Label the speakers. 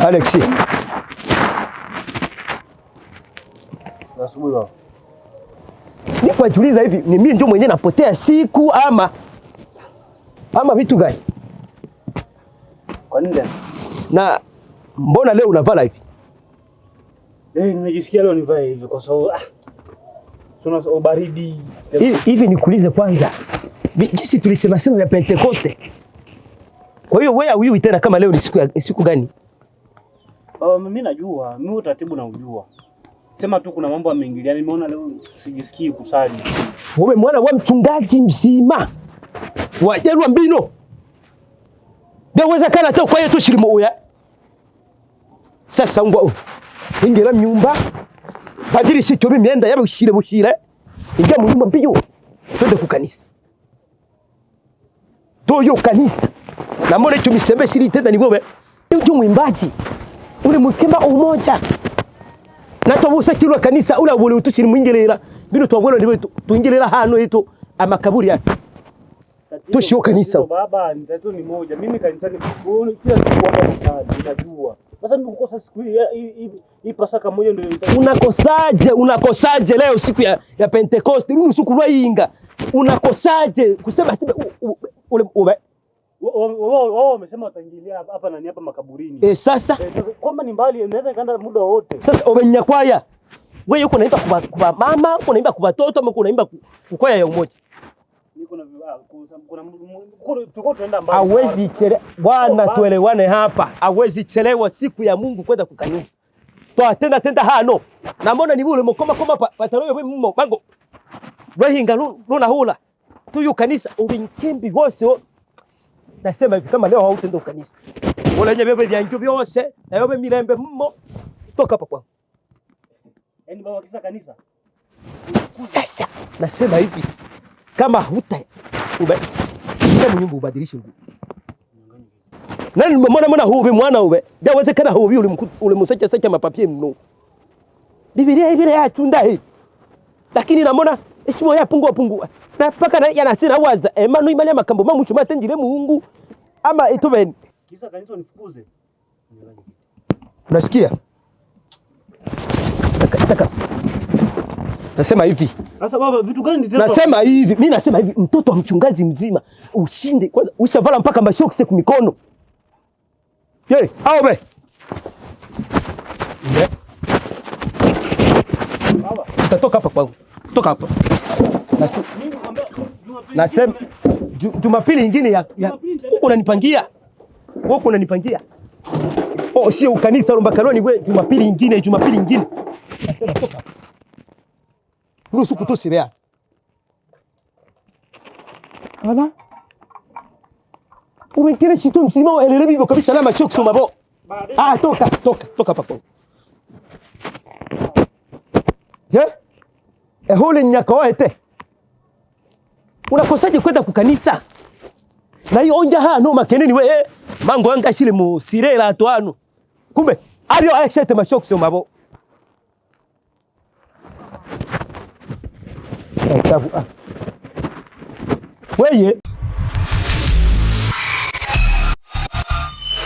Speaker 1: Alex. Niko najiuliza hivi, ni mimi ndio mwenye napotea siku ama ama vitu gani? Kwa nini? Na mbona leo unavala hivi?
Speaker 2: Eh, nimejisikia leo nivae hivi kwa sababu ah, tuna baridi.
Speaker 1: Hivi nikuulize kwanza. Jinsi tulisema sema ya Pentecoste kwa hiyo wewe auiwi tena. Kama leo ni siku ya siku gani?
Speaker 2: Uh, mimi najua mimi utaratibu na ujua, sema tu kuna mambo yameingilia, Nimeona leo sijisikii kusali.
Speaker 1: Wewe mwana wa mchungaji mzima wajerwa mbino dewezekana hata ukaye tu shirimu uya sasa ngo. Ingira ngwa Badili myumba mimi nenda yabe yaani ushire bushire Ingia mu nyumba mbiyo twende ku kanisa toyo kanisa na mbona hicho misembe shiri tena ni wewe ujo mwimbaji ule mkemba umoja na tobusa kirwa kanisa ula wole utuchiri mwingerera bino twabwela ndibwe tuingerera hano hito amakaburi yake tushio kanisa
Speaker 2: baba ndio ni moja mimi kanisa ni kuona kila siku hapa mtaani najua sasa mimi kukosa siku hii hii pasaka moja ndio
Speaker 1: unakosaje unakosaje leo siku ya ya pentecost nini usiku inga unakosaje kusema ule ube,
Speaker 2: wao wamesema wataingilia hapa nani hapa makaburini. Eh, eh, sasa kwamba ni mbali inaweza kaenda muda wote.
Speaker 1: Sasa omenyakwaya wewe uko naimba kwa kwa mama, uko naimba kwa watoto, uko naimba kukoya ya umoja. Hawezi chelewa bwana, tuelewane hapa. Hawezi chelewa siku ya Mungu kwenda kukanisa. Toa tenda tenda hano. Namona ni bule mukoma koma pataroyo we mumo bango. Wewe hinga luna hula. Tuyu kanisa ubinkimbi wose nasema hivi kama leo hautenda ukanisa ulenye vya vyanju vyose na vyove milembe mmo toka hapa kwangu.
Speaker 2: Yaani baba kisa kanisa.
Speaker 1: Sasa nasema hivi kama huta ube nyumba ubadilishe nguvu. Nani mbona mbona huu bi mwana ube? uwe? Ndio wezekana ule msacha sacha mapapie mno. Biblia hivi ile tunda hii. Lakini namona ishimo ya pungua pungua. Na paka na yana sina waza. ema no imali ya makambo mamu chuma tenjile muungu. Ama itobeni.
Speaker 2: Kisa kanisa nifukuze.
Speaker 1: Unasikia? Saka saka. Nasema hivi.
Speaker 2: Sasa baba vitu gani ndio?
Speaker 1: Nasema hivi. Mimi nasema hivi mtoto wa mchungaji mzima ushinde kwanza ushavala mpaka mashoksi kwa kumikono Ye, hao be. Baba, utatoka hapa kwangu. Toka hapa. Nasema Jumapili ingine ya huko unanipangia. Huko unanipangia. Oh, sio ukanisa la Mbakaloni Jumapili ingine, Jumapili ingine Nasema toka. Ruhusu kutosibea. Hala? Umekiri shitu msima wa elelebi hivyo kabisa na macho kusoma bo. Ah, toka, toka, toka hapa Yeah? ehule nyakawaete unakosaje kwenda kukanisa nayo onja hano makeneni we eh, mango anga shile mu sirela atwanu kumbe ariyo ayashete mashokso mabo eh, ah. Weye